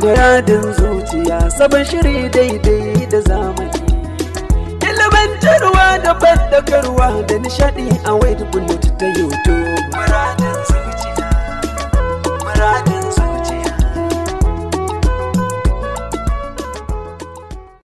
Muradin zuciya sabon shiri daidai da zamani. Ilimantarwa da bandagarwa da nishadi a wade bulletin ta YouTube.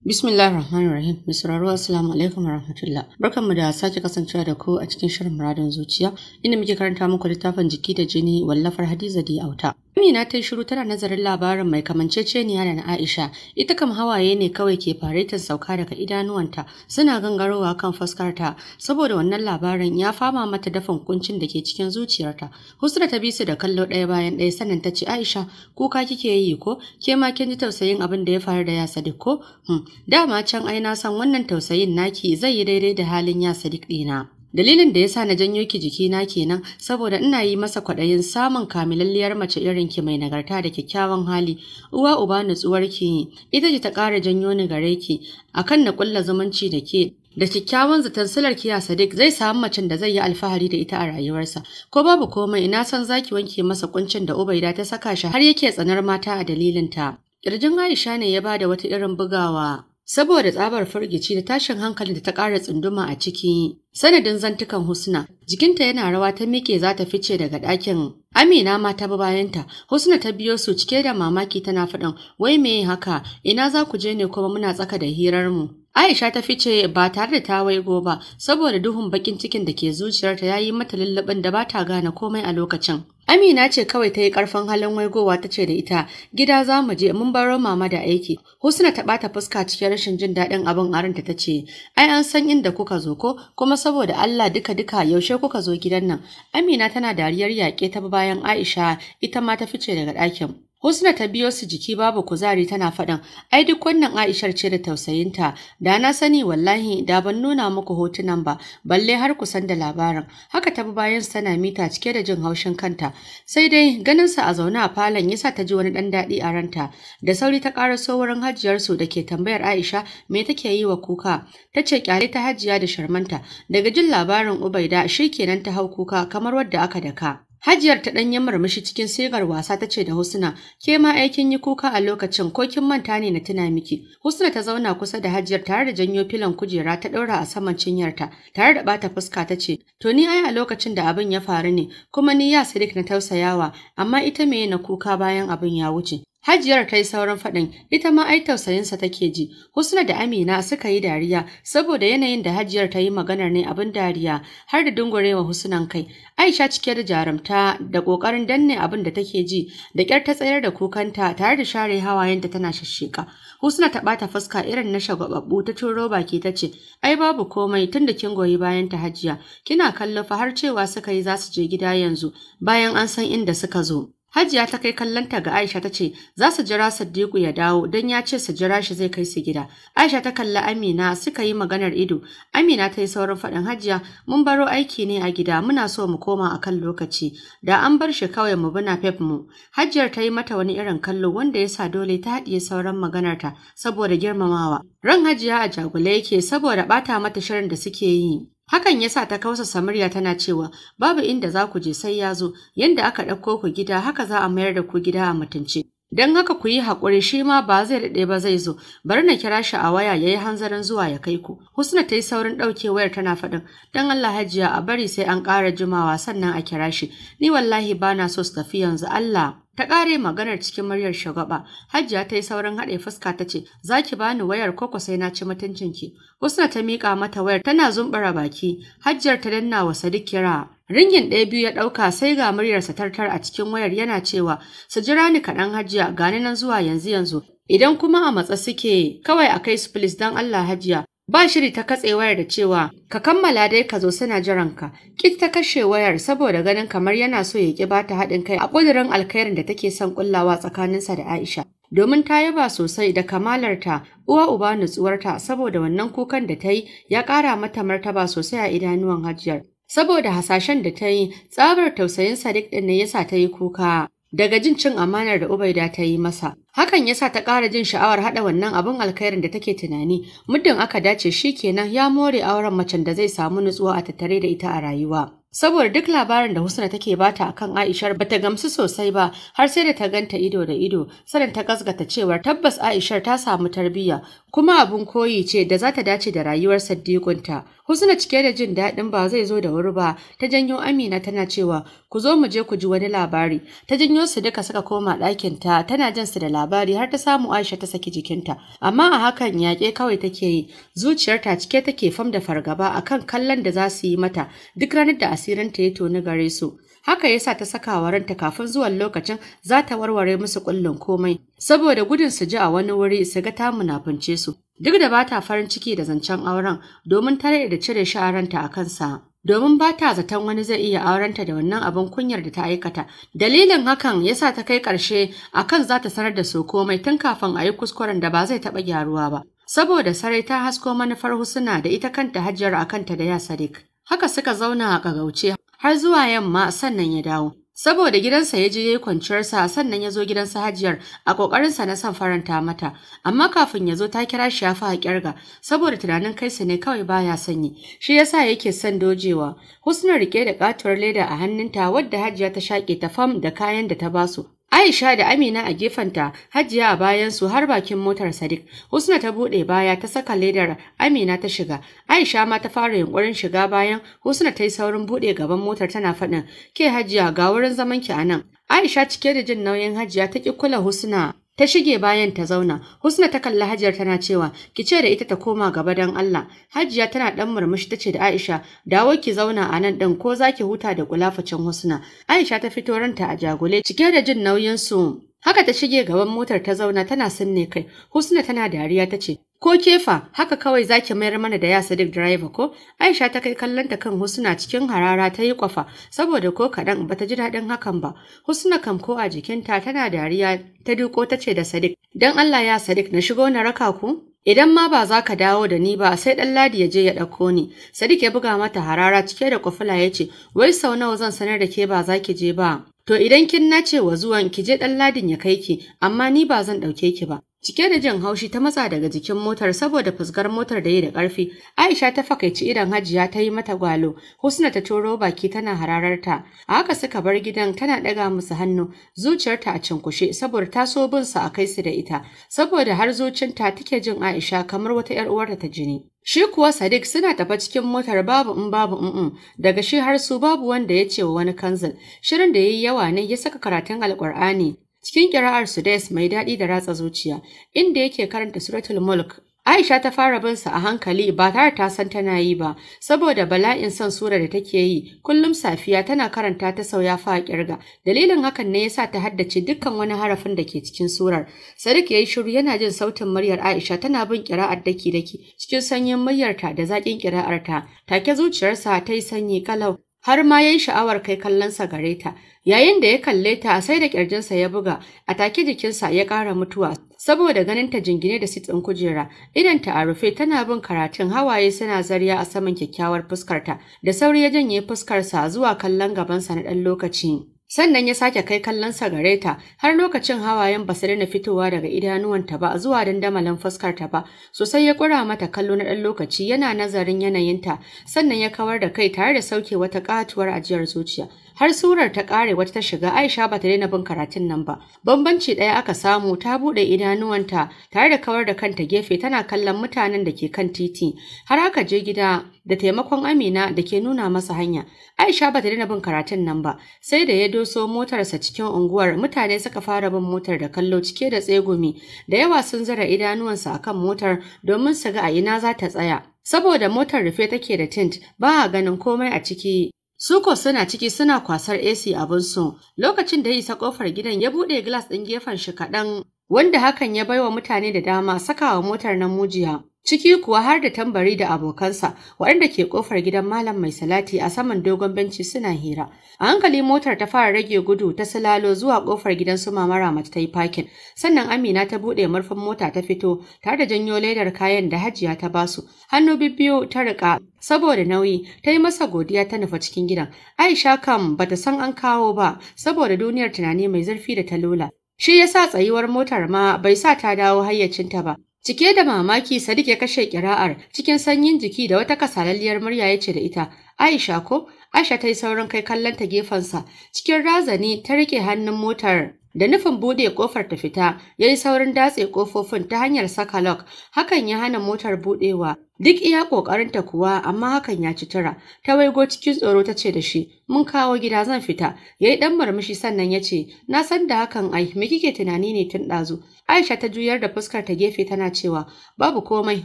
Bismillah rahman rahim mai assalamu alaikum wa rahmatullah mu da sake kasancewa da ku a cikin shirin muradin zuciya inda muke karanta muku littafin jiki da jini wallafar Hadiza da Auta Amina ta yi shiru tana nazarin labarin mai kamanceceniya da na Aisha ita kam hawaye ne kawai ke faretin sauka daga idanuwanta suna gangarowa kan fuskar ta saboda wannan labarin ya fama mata dafan kuncin da ke cikin zuciyarta Husra ta bi su da kallo ɗaya bayan ɗaya sannan ta ce Aisha kuka kike yi ko ke ma kin ji tausayin abin da ya faru da ya Sadiq ko hmm. Dama can ai na san wannan tausayin naki zai yi daidai da halin ya Sadiq dina. Dalilin da yasa na janyo ki jiki na kenan saboda ina yi masa kwaɗayin samun kamilalliyar mace irin ki mai nagarta da kyakkyawan hali, uwa uba nutsuwar ki ita ce ta ƙara janyo ni gare ki akan na ƙulla zumunci da ke da kyakkyawan zaton ki kiya Sadiq zai samu macen da zai yi alfahari da ita a rayuwarsa. Ko babu komai na san zaki wanke masa kuncin da Ubaida ta saka shi har yake tsanar mata a dalilin ta. Ƙirjin Aisha ne ya bada wata irin bugawa, saboda tsabar firgici da tashin hankalin da ta ƙara tsunduma a ciki. Sanadin zantukan Husna, jikinta yana rawa ta miƙe za ta fice daga ɗakin. Amina ma ta bi bayanta, Husna ta biyo su cike da mamaki tana faɗin, wai me haka, ina za ku je ne kuma muna tsaka da hirar mu. Aisha ta fice ba tare da ta waigo ba, saboda duhun bakin cikin da ke zuciyarta ya yi mata lullubin da ba ta gane komai a lokacin. Amina ce kawai ta yi ƙarfin halin waigowa ta ce da ita, gida za mu je mun baro mama da aiki. Husna ta ɓata fuska cikin rashin jin daɗin abin a ranta ta ce, ai an san inda kuka zo ko kuma saboda Allah duka-duka yaushe kuka zo gidan nan. Amina tana dariyar yaƙe ta bayan bayan Aisha ita ma ta fice daga ɗakin. Husna ta biyo su jiki babu kuzari tana faɗin, ai duk wannan Aishar ce da tausayinta, da na sani wallahi da ban nuna muku hotunan ba, balle har ku san da labarin. Haka ta bi bayan sana mita cike da jin haushin kanta, sai dai ganin sa a zaune a falon yasa ta ji wani ɗan daɗi a ranta. Da sauri ta so wurin hajiyar su da ke tambayar Aisha me take yi wa kuka. Ta ce kyale ta hajiya da sharmanta, daga jin labarin Ubaida shi kenan ta hau kuka kamar wadda aka daka. Hajiyar ta ɗanyen murmushi cikin sigar wasa ta ce da Husna, ke ma aikin yi kuka a lokacin ko kin manta ne na tuna miki. Husna ta zauna kusa da Hajiyar tare da janyo filan kujera ta ɗaura a saman cinyarta, tare da bata fuska ta ce, to ni ai a lokacin da abin ya faru ne, kuma ni ya Sadiq na tausayawa, amma ita me na kuka bayan abin ya wuce. Hajiyar ta yi sauran faɗin, ita ma ai tausayinsa take ji. Husna da Amina suka yi dariya saboda yanayin da Hajiyar ta yi maganar ne abin dariya har da dungurewa Husnan kai. Aisha cike da jarumta da ƙoƙarin danne abin da take ji da ƙyar ta tsayar da kukanta tare da share hawayenta tana shashshika. Husna ta ɓata fuska irin na shagwababbu ta turo baki ta ce, "Ai babu komai tunda kin goyi bayan ta Hajiya, kina kallafa har cewa suka yi za su je gida yanzu bayan an san inda suka zo." Hajiya ta kai kallonta ga Aisha ta ce za su jira Sadiku ya dawo don ya ce su jira shi zai kai su gida. Aisha ta kalla Amina suka yi maganar ido. Amina ta yi saurin faɗin Hajiya mun baro aiki ne a gida muna so mu koma a kan lokaci da an bar shi kawai mu bina fef mu. Hajiyar ta yi mata wani irin kallo wanda ya sa dole ta haɗiye sauran maganarta saboda girmamawa. Ran Hajiya a jagula yake saboda ɓata mata shirin da suke yi. Hakan ya sa ta kausa murya tana cewa babu inda za ku je sai ya zo, yadda aka ɗauko ku gida haka za a mayar da ku gida a mutunce. Don haka ku yi haƙuri shi ma ba zai daɗe ba zai zo, bari na kira shi a waya ya yi hanzarin zuwa ya kai ku. Husna ta yi saurin ɗauke wayar tana faɗin, don Allah hajiya a bari sai an ƙara jimawa sannan a kira shi, ni wallahi ba na so su tafi yanzu Allah. Ta ƙare maganar cikin muryar shagaba, Hajiya ta yi saurin haɗe fuska ta ce, "Za ki bani wayar koko sai na ci mutuncin ki?" Husna ta miƙa mata wayar tana zumbura baki, Hajiyar ta danna wa Sadiq kira. Ringin ɗaya biyu ya ɗauka sai ga muryarsa tartar a cikin wayar yana cewa, "Su jira ni kaɗan Hajiya, gani nan zuwa yanzu yanzu." Idan kuma a matsa suke kawai a kai su don Allah Hajiya, Ba shiri ta katse wayar da cewa ka kammala dai ka zo suna jiranka. Kit ta kashe wayar saboda ganin kamar yana so ya ki ta haɗin kai a ƙudurin alkhairin da take son kullawa tsakaninsa da Aisha. Domin ta yaba sosai da kamalarta, uwa uba nutsuwarta saboda wannan kukan da ta yi ya ƙara mata martaba sosai a idanuwan hajiyar. Saboda hasashen da ta yi, tsabar tausayin Sadiq ɗin ne yasa ta yi kuka. daga jin cin amanar da Ubaida ta yi masa. Hakan ya sa ta ƙara jin sha'awar haɗa wannan abin alkhairin da take tunani, muddin aka dace shi kenan ya more auren macen da zai samu nutsuwa a tattare da ita a rayuwa. saboda duk labarin da Husna take bata akan Aishar bata gamsu sosai ba har sai da ta ganta ido da ido sanin ta gasgata cewa tabbas Aishar ta samu tarbiyya kuma abun koyi ce da za ta dace da rayuwar Saddiqunta Husna cike da jin daɗin ba zai zo da wuri ba ta janyo Amina tana cewa ku zo mu je ku ji wani labari ta janyo su duka suka koma ɗakin ta tana jin su da labari har ta samu Aisha ta saki jikinta amma a hakan yaƙe kawai take yi zuciyarta cike take fam da fargaba akan kallon da za su yi mata duk ranar da asirinta ya toni gare su. Haka ya sa ta saka wa kafin zuwan lokacin za ta warware musu kullum komai, saboda gudun su ji a wani wuri su ga ta munafunce su. Duk da ba ta farin ciki da zancen auren domin ta da cire shi a ranta a kansa. domin ba ta zaton wani zai iya aurenta da wannan abin kunyar da ta aikata. Dalilin hakan ya sa ta kai ƙarshe a kan za ta sanar da su komai tun kafin a yi kuskuren da ba zai taɓa gyaruwa ba. Saboda sarai ta hasko manufar husuna da ita kanta hajjar a kanta da ya Sadiq. Haka suka zauna a ƙagauce har zuwa yamma sannan ya dawo. Saboda gidansa ya je ya yi kwanciyarsa sannan ya zo gidansa hajiyar a ƙoƙarinsa na son faranta mata, amma kafin ya zo ta kira shi ya fi ƙyarga saboda tunanin kaisa ne kawai baya sanyi, shi ya sa yake son dojewa. Husna rike da ƙatuwar leda a hannunta wadda hajiya ta shaƙe ta fam da kayan da ta basu, Aisha da Amina a gefenta, Hajiya a bayansu har bakin motar Sadiq. Husna ta buɗe baya ta saka ledar Amina ta shiga. Aisha ma ta fara yunkurin shiga bayan Husna ta yi saurin buɗe gaban motar tana faɗin, "Ke Hajiya ga wurin zaman ki anan." Aisha cike da jin nauyin Hajiya ta ƙi kula Husna Ta shige bayan ta zauna, Husna ta kalli Hajiyar tana cewa, "Ki ce da ita ta koma gaba dan Allah." Hajiya tana dan murmushi ce da Aisha, "Dawo ki zauna a nan din ko zaki huta da kulafacin Husna." Aisha ta fito ranta a jagule, cike da jin nauyin su Haka ta shige gaban motar ta zauna tana sanne kai. Husna tana dariya ta ce, Ko kefa, haka kawai zaki mayar mana da ya Sadiq driver ko? Aisha ta kai kallon kan Husna cikin harara ta yi kwafa, saboda ko kaɗan ta ji daɗin hakan ba. Husna kam ko a jikinta tana dariya ta duko ta ce da Sadiq, "Dan Allah ya Sadiq na shigo na raka ku?" Idan ma ba za ka dawo da ni ba sai ɗan ladi ya je ya ɗauko ni. Sadiq ya buga mata harara cike da kwafula ya ce, Wai sau nawa zan sanar da ke ba za ki je ba. To idan kin nace wa zuwan ki je Ladin ya kai ki, amma ni ba zan ɗauke ki ba. Cike da jin haushi ta matsa daga jikin motar saboda fusgar motar da yi da ƙarfi, Aisha ta fakaici idan Hajiya ta yi mata gwalo, Husna ta turo baki tana hararta. A haka suka bar gidan tana ɗaga musu hannu, zuciyarta a cinkushe saboda ta so bin su a kai su da ita, saboda har zuciyarta take jin Aisha kamar wata 'yar uwarta ta jini. Shi kuwa Sadiq suna tafa cikin motar babu in babu in daga shi har su babu wanda ya ce wa wani kanzil. Shirin da ya yi yawa ne ya saka karatun Alƙur'ani cikin kira'ar Sudais mai daɗi da ratsa zuciya, inda yake karanta Suratul Mulk. Aisha ta fara bin sa a hankali ba tare ta san tana yi ba, saboda bala'in son surar da take yi, kullum safiya tana karanta ta sauya fa a kirga. Dalilin hakan ne yasa ta haddace dukkan wani harafin da ke cikin surar. Sadiq yayi shiru yana jin sautin muryar Aisha tana bin kira'ar daki-daki cikin sanyin muryarta da zaƙin ta Take zuciyarsa ta yi sanyi kalau har ma ya yi sha'awar kai kallonsa gare ta yayin da ya kalle ta sai da ƙirjinsa ya buga a take jikinsa ya ƙara mutuwa saboda ganin ta jingine da sitsin kujera idan ta a rufe tana bin karatun hawaye suna zariya a saman kyakkyawar fuskarta da sauri ya janye fuskarsa zuwa kallon gabansa na ɗan lokaci Sannan ya sake kai kallon gare ta har lokacin hawayen ba su daina fitowa daga idanuwanta ba zuwa dandamalin ta ba, sosai ya kura mata kallo na ɗan lokaci yana nazarin yanayinta, sannan ya kawar da kai tare da sauke wata katuwar ajiyar zuciya. har surar ta kare wata ta shiga Aisha ba ta daina bin karatun nan ba bambanci ɗaya aka samu ta buɗe idanuwanta tare da kawar da kanta gefe tana kallon mutanen da ke kan titi har aka je gida da taimakon Amina da ke nuna masa hanya Aisha ba ta daina bin karatun nan ba sai da ya doso motarsa cikin unguwar mutane suka fara bin motar da kallo cike da tsegumi da yawa sun zara idanuwansa akan motar domin su ga a ina za ta tsaya saboda motar rufe take da tint ba a ganin komai a ciki Suko suna ciki suna kwasar AC abinsu lokacin da ya isa kofar gidan ya buɗe gilas ɗin gefen shi kaɗan wanda hakan ya baiwa mutane da dama sakawa motar na mujiya. ciki kuwa har da tambari da abokansa waɗanda ke ƙofar gidan malam mai salati a saman dogon benci suna hira a hankali motar ta fara rage gudu ta silalo zuwa ƙofar gidan su mamara mace ta yi fakin sannan amina ta buɗe murfin mota ta fito tare da janyo ledar kayan da hajiya ta basu hannu bibbiyu ta riƙa saboda nauyi ta yi masa godiya ta nufa cikin gidan aisha kam bata san an kawo ba saboda duniyar tunani mai zurfi da ta lola shi yasa tsayuwar motar ma bai sa ta dawo hayyacinta ba Cike da mamaki Sadiq ya kashe kira'ar cikin sanyin jiki da wata kasalalliyar murya ya ce da ita, Aisha ko? Aisha ta yi saurin kai kallon ta gefensa cikin razani ta rike hannun motar da nufin bude kofar ta fita ya yi saurin datse kofofin ta hanyar saka lock hakan ya hana motar budewa duk iya ta kuwa amma hakan ya ci tura ta waigo cikin tsoro ta ce da shi mun kawo gida zan fita ya yi dan murmushi sannan ya ce na san da hakan ai me kike tunani ne tun ɗazu aisha ta juyar da fuskar ta gefe tana cewa babu komai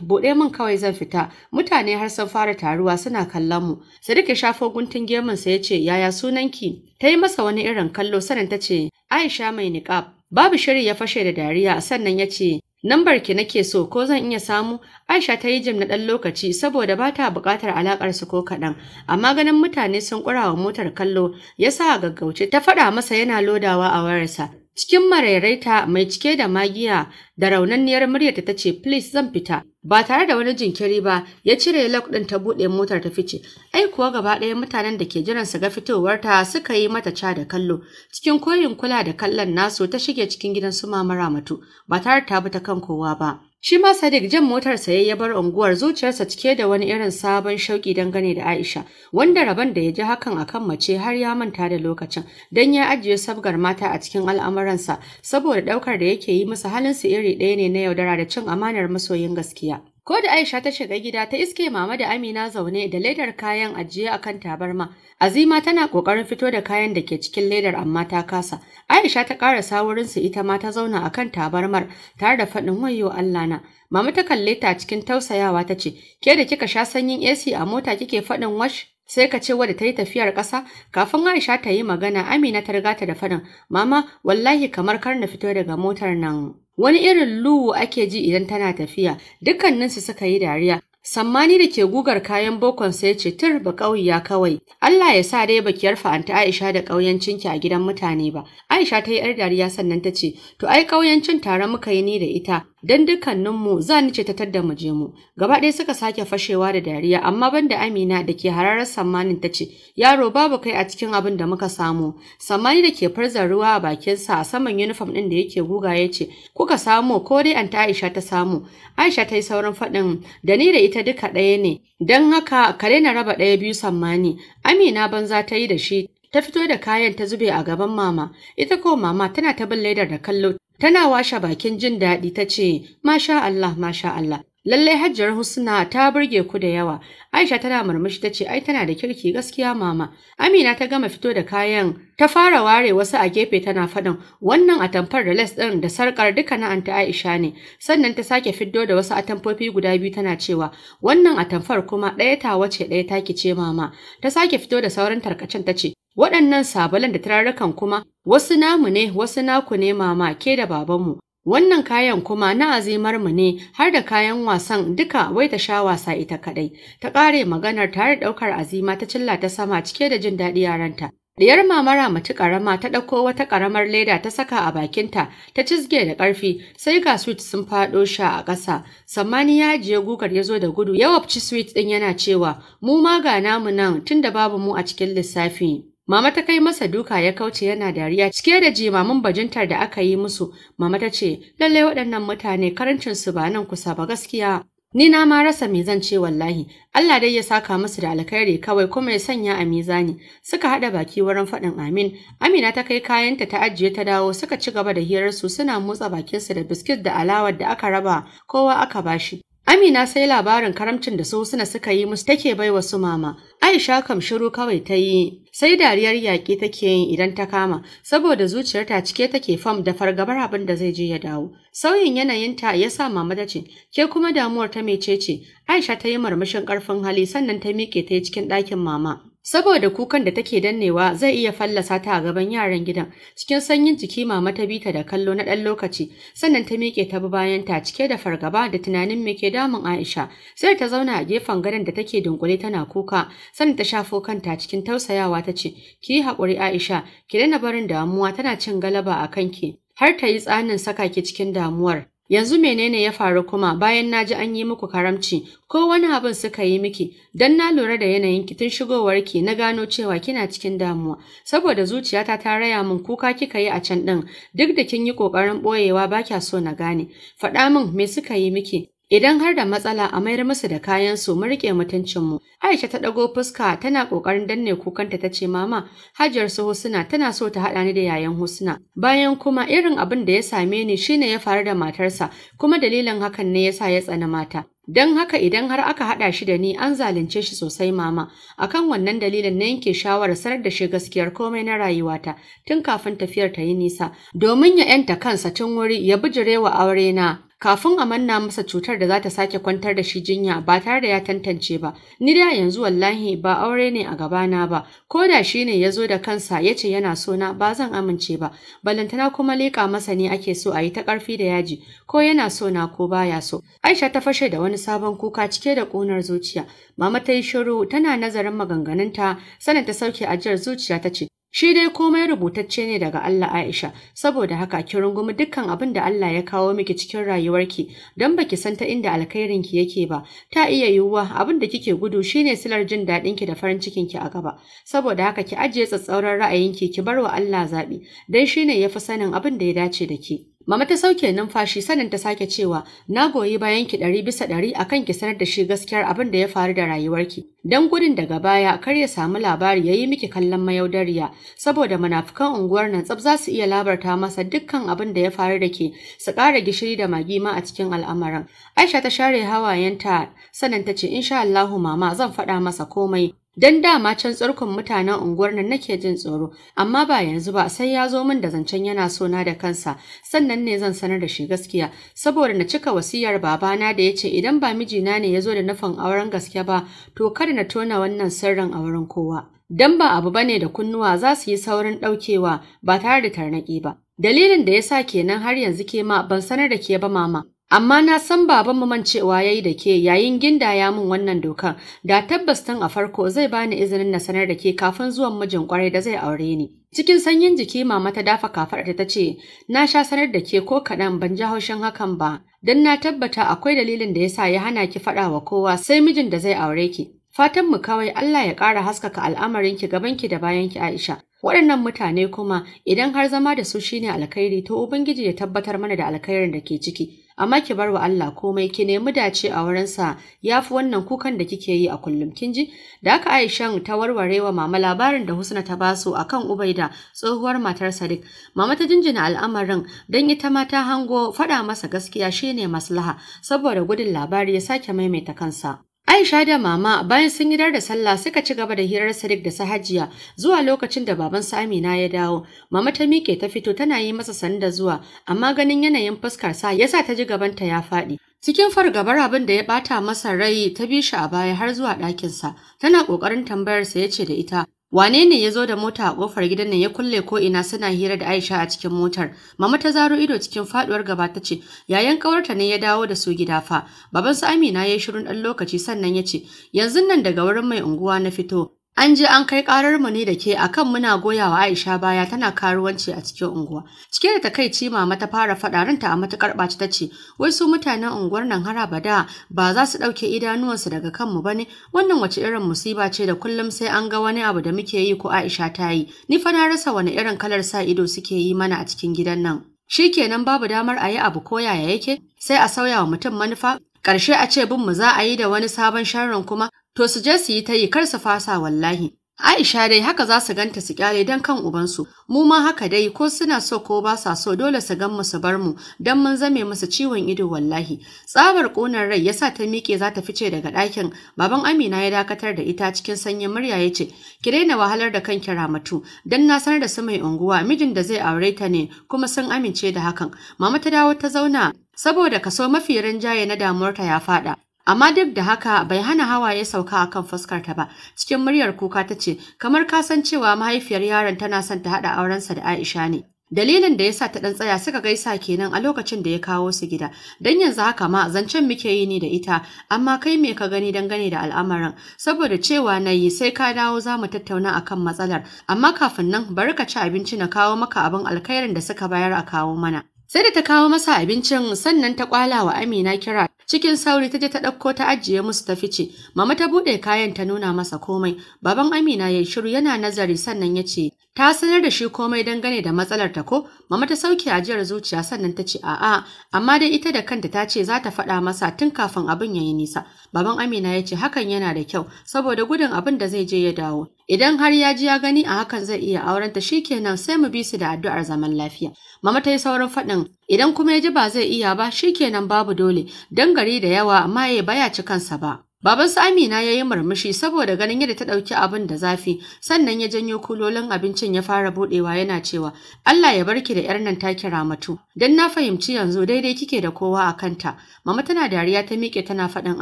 buɗe mun kawai zan fita mutane har sun fara taruwa suna kallon mu sadiq ya shafo guntun gemunsa ya ce yaya sunanki ta yi masa wani irin kallo sanin ta ce Aisha mai niƙab. Babu shiri ya fashe da dariya sannan ya ce, Nambar ki nake so ko zan iya samu? Aisha ta yi jim na ɗan lokaci saboda ba ta buƙatar alaƙar su ko kaɗan, amma ganin mutane sun ƙura wa motar kallo ya sa gaggauce ta faɗa masa yana lodawa a wayarsa. Cikin marairaita mai cike da magiya da raunanniyar muryarta ta ce, Please zan fita, Ba tare da wani jinkiri ba, ya cire lock ɗin ta buɗe motar ta fice. Ai kuwa gaba ɗaya mutanen da ke jiran su ga fitowarta suka yi mata ca da kallo. Cikin koyin kula da kallon nasu ta shige cikin gidan su mamara matu, ba tare ta bi ta kan kowa ba. Shi ma Sadiq jan motar saye ya bar unguwar zuciyarsa cike da wani irin sabon shauki dangane da Aisha, wanda rabon da ya ji hakan a kan mace har ya manta da lokacin, don ya ajiye sabgar mata a cikin al'amuransa saboda ɗaukar da yake yi musu halinsu iri ɗaya ne na yaudara da cin amanar masoyin gaskiya. Ko da Aisha ta shiga gida ta iske mama da Amina zaune da ledar kayan ajiye a kan tabarma. Azima tana ƙoƙarin fito da kayan da ke cikin ledar amma ta kasa. Aisha ta ƙara su ita ma ta zauna a kan tabarmar tare da faɗin wayo Allah na. Mama ta kalle ta cikin tausayawa ta ce, ke da kika sha sanyin AC a mota kike faɗin wash sai ka ce wadda ta yi tafiyar ƙasa kafin Aisha ta yi magana Amina ta riga ta da faɗin, mama wallahi kamar kar na fito daga motar nan. Wani irin luwu ake ji idan tana tafiya, dukkaninsu suka yi dariya. Sammani da ke gugar kayan bokon sai ce tur ba ƙauya kawai. Allah ya sa dai baki yarfa fa'anta Aisha da ki a gidan mutane ba. Aisha ta yi ‘yar dariya sannan ta ce, To ai ƙauyancin tare muka yi ni da ita, dan dukkaninmu za ni ce ta tadda mu je mu gaba ɗaya suka sake fashewa da dariya amma banda Amina da ke hararar sammanin ta ce yaro babu kai a cikin abin da muka samu sammani da ke farzar ruwa a bakinsa a saman uniform ɗin da yake guga ya ce kuka samu ko dai an ta Aisha ta samu Aisha ta yi saurin faɗin da ni da ita duka ɗaya ne dan haka ka daina raba ɗaya biyu sammani Amina banza ta yi da shi ta fito da kayan ta zube a gaban mama ita ko mama tana ta bin ledar da kallo Tana washe bakin jin daɗi ta ce, Masha Allah, Masha Allah, Lallai Hajjar Husna ta burge ku da yawa. Aisha tana murmushi ta ce, "Ai tana da kirki gaskiya mama." Amina ta gama fito da kayan, ta fara ware wasu a gefe tana faɗin, "Wannan atamfar da les ɗin da sarƙar duka na anta Aisha ne." Sannan ta sake fiddo da wasu atamfofi guda biyu tana cewa, "Wannan atamfar kuma ɗaya ta wace ɗaya taki ce mama." Ta sake fito da sauran tarkacen ta ce, Waɗannan sabalan da turarukan kuma wasu namu ne wasu naku ne mama ke da babanmu. Wannan kayan kuma na azimar mu ne har da kayan wasan duka wai ta sha wasa ita kaɗai. Ta ƙare maganar tare ɗaukar azima ta cilla ta sama cike da jin daɗi yaranta. Diyar mamara mace karama ta ɗauko wata karamar leda ta saka a bakinta ta cizge da ƙarfi sai ga sweet sun faɗo sha a ƙasa. Sammani ya ajiye gugar ya zo da gudu yawabci wabci sweet ɗin yana cewa mu ma ga namu nan tunda babu mu a cikin lissafi. Mama ta kai masa duka ya kauce yana dariya cike da jimamin bajintar da aka yi musu. Mama ta ce, lallai waɗannan mutane karancin su ba nan kusa ba gaskiya. Ni na ma rasa me zan ce wallahi, Allah dai ya saka musu da alkhairi kawai kuma ya sanya a mizani. Suka haɗa baki wurin faɗin amin, Amina ta kai kayanta ta ajiye ta dawo suka ci gaba da su, suna motsa bakinsu da biskit da alawar da aka raba kowa aka bashi. Amina sai labarin karamcin da su Sosuna suka yi musu take bai su mama. Aisha kam shiru kawai ta yi, sai dariyar yaƙi take yin idan ta kama, saboda zuciyarta cike take fam da fargabar abin da zai je ya dawo. Sauyin yanayinta ya sa mama ta ce, ke kuma damuwar ta ce? Aisha ta yi marmashin ƙarfin hali sannan ta miƙe ta yi cikin ɗakin mama. Saboda kukan da take dannewa zai iya fallasa ta a gaban yaran gidan, cikin sanyin jiki mama ta bita da kallo na ɗan lokaci, sannan ta miƙe ta bi bayan ta cike da fargaba da tunanin me ke damun Aisha, sai ta zauna a gefen gadon da take dunkule tana kuka, sannan ta shafo kanta cikin tausayawa ta ce, ki haƙuri Aisha, ki daina barin damuwa tana cin galaba a kanki, har ta yi tsanin saka ki cikin damuwar. yanzu menene ya faru kuma bayan na ji an yi muku karamci ko wani abin suka yi miki don na lura da yanayin ki tun shigowar ki na gano cewa kina cikin damuwa saboda zuciyata ta raya min kuka kika yi a can ɗin, duk da kin yi ƙoƙarin ɓoyewa ba kya so na gane faɗa min me suka yi miki Idan har da matsala a mayar musu da kayan su mu rike mutuncinmu. Aisha ta ɗago fuska tana ƙoƙarin danne kukanta ta ce mama hajiyar su Husna tana so ta haɗa ni da yayan Husna. Bayan kuma irin abin da ya same ni shine ya faru da matarsa kuma dalilin hakan ne yasa ya tsana mata. Don haka idan har aka haɗa shi da ni an zalunce shi sosai mama, akan wannan dalilin na yanke shawarar sanar da shi gaskiyar komai na rayuwata tun kafin tafiyar ta yi nisa, domin ya ‘yanta kansa tun wuri ya bijirewa aure na kafin a manna masa cutar da za ta sake kwantar da shi jinya ba tare da ya tantance ba ni da yanzu wallahi ba aure ne a gabana ba ko da shi ne ya zo da kansa ya ce yana so na ba zan amince ba balantana kuma leƙa masa ne ake so a yi ta ƙarfi da yaji ko yana so na ko baya so aisha ta fashe da wani sabon kuka cike da ƙunar zuciya mama ta yi shiru tana nazarin maganganunta sanin ta sauke ajiyar zuciya ta ce Shi dai komai rubutacce ne daga Allah Aisha, saboda haka ki rungumi dukkan abin da Allah ya kawo miki cikin rayuwarki, don baki san ta inda alkhairinki yake ba. Ta iya yiwuwa abin da kike gudu shine silar jin ki da farin cikin ki a gaba. Saboda haka ki ajiye tsatsauran ra'ayinki ki bar wa Allah zaɓi, don shine ya fi sanin abin da ya dace da ki. Mama ta sauke numfashi sanin ta sake cewa na goyi bayan ki ɗari bisa ɗari a kan ki sanar da shi gaskiyar abin da ya faru da rayuwarki. Don gudun daga baya kar ya samu labari ya yi miki kallon mayaudariya saboda munafukan unguwar nan tsab za su iya labarta masa dukkan abin da ya faru da ke su ƙara gishiri da magi ma a cikin al'amarin. Aisha ta share hawayenta sanin ta ce insha Allahu mama zan faɗa masa komai Dan dama can tsarkon mutanen unguwar nan nake jin tsoro, amma ba yanzu ba sai ya zo min da zancen yana so na da kansa, sannan ne zan sanar da shi gaskiya, saboda na cika wasiyar babana da ya ce idan ba mijina ne ya zo da nufin auren gaske ba, to kada na tona wannan sirrin auren kowa. Dan ba abu bane da kunnuwa za su yi saurin ɗaukewa ba tare da tarnaƙi ba. Dalilin da ya sa kenan har yanzu ke ma ban sanar da ke ba mama, Amma na san baban mu man cewa yayi da ke yayin ginda ya mun wannan dokan, da tabbas tun a farko zai bani izinin na sanar da ke kafin zuwan mijin kwarai da zai aure ni. Cikin sanyin jiki mama ta dafa kafar ta ce, "Na sha sanar da ke ko kaɗan ban ji haushin hakan ba, dan na tabbata akwai dalilin da yasa ya hana ki faɗa wa kowa sai mijin da zai aure ki." Fatan mu kawai Allah ya ƙara haskaka al'amarin ki gaban ki da bayan ki Aisha. Waɗannan mutane kuma idan har zama da su shine alkhairi to Ubangiji ya tabbatar mana da alkhairin da ke ciki. amma ki bar wa Allah komai ki nemi dace a wurinsa ya fi wannan kukan da kike yi a kullum kin ji da aka Aishan ta warware wa mama labarin da Husna ta basu akan Ubaida tsohuwar matar Sadiq mama ta jinjina al'amarin don ita ma ta hango faɗa masa gaskiya shine maslaha saboda gudun labari ya sake maimaita kansa Aisha da mama bayan sun yi da sallah suka ci gaba da hirar Sadiq da Sahajiya zuwa lokacin da baban Samina Amina ya dawo. Mama ta miƙe ta fito tana yi masa sanda zuwa amma ganin yanayin fuskar sa yasa ta ji gabanta ya faɗi. Cikin fargabar abin da ya ɓata masa rai ta bi shi a baya har zuwa ɗakinsa. Tana ƙoƙarin tambayar sa ya ce da ita, Wane ne ya zo da mota a ƙofar gidan nan ya kulle ko ina suna hira da Aisha a cikin motar. Mama ta zaro ido cikin faduwar gaba ta ce, "Yayan kawarta ne ya dawo da su gida fa." Babansa Amina ya yi shirun ɗan lokaci sannan ya ce, "Yanzu nan daga wurin mai unguwa na fito, An je an kai karar mu ne da ke akan muna goya wa Aisha baya tana karuwanci a cikin unguwa. Cike da takaici mama ta fara faɗa ranta a matukar ɓaci ta ce, "Wai su mutanen unguwar nan har abada ba za su ɗauke idanuwansu daga kanmu ba ne? Wannan wace irin musiba ce da kullum sai an ga wani abu da muke yi ko Aisha ta yi. Ni fa na rasa wani irin kalar sa ido suke yi mana a cikin gidan nan." Shi kenan babu damar a yi abu ko yaya yake sai a sauya wa mutum manufa ƙarshe a ce bin mu za a yi da wani sabon sharrin kuma to su je su yi ta yi kar su fasa wallahi Aisha dai haka za su ganta su kyale don kan ubansu, mu ma haka dai ko suna so ko ba sa so dole su gan mu su bar mu don mun zame musu ciwon ido wallahi. Tsabar ƙonar rai ya sa ta miƙe za ta fice daga ɗakin, baban Amina ya dakatar da ita cikin sanyin murya ya ce, ki daina wahalar da kan ramatu, don na sanar da su mai unguwa mijin da zai aure ta ne kuma sun amince da hakan. Mama ta dawo ta zauna saboda kaso mafi rinjaye na damuwarta ya faɗa. Amma duk da haka bai hana hawa hawaye sauka a kan fuskarta ba, cikin muryar kuka ta ce, kamar ka san cewa mahaifiyar yaron tana son ta haɗa aurensa da Aisha ne. Dalilin da ya sa ta ɗan tsaya suka gaisa kenan a lokacin da ya kawo su gida, don yanzu haka ma zancen muke yi ni da ita, amma kai me ka gani dangane da al'amarin, saboda cewa na yi sai ka dawo za mu tattauna a kan matsalar, amma kafin nan bari ka ci abinci na kawo maka abin alkhairin da suka bayar a kawo mana. Sai da ta kawo masa abincin sannan ta kwala wa Amina kira Cikin sauri ta je ta ɗauko ta ajiye musu ta fice. Mama ta buɗe kayan ta nuna masa komai. Baban Amina ya shiru yana nazari sannan ya ce, ta sanar da shi komai dangane da matsalar ta ko mama ta sauke ajiyar zuciya sannan ta ce a'a amma dai ita da kanta ta ce za ta faɗa masa tun kafin abin ya yi nisa baban Amina ya ce hakan yana da kyau saboda gudun abin da zai je ya dawo idan har ya ji ya gani a hakan zai iya auren ta shikenan sai mu bi su da addu'ar zaman lafiya mama ta yi saurin faɗin idan kuma ya ji ba zai iya ba shikenan babu dole dan gari da yawa amma maye eh, baya cikansa ba Baban su Amina ya yi murmushi saboda ganin yadda ta ɗauki abin da zafi, sannan ya janyo kulolin abincin ya fara buɗewa yana cewa, Allah ya barki da 'yar nan ta kira matu. Don na fahimci yanzu daidai kike da kowa a kanta. Mama tana dariya ta miƙe tana faɗin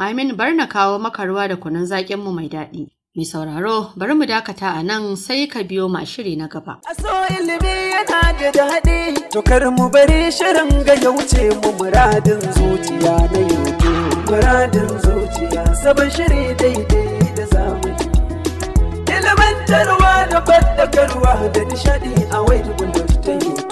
Amin bar na kawo maka ruwa da kunun zaƙin mu mai daɗi. Mai sauraro bari mu dakata a nan sai ka biyo ma shiri na gaba. A so ilimi yana da daɗi, to mu bari shirin ga wuce mu muradin zuciya na yau. faradin zuciya sabon shiri daidai da zamani ilimantarwa da fadakarwa da nishadi a wai ta yi.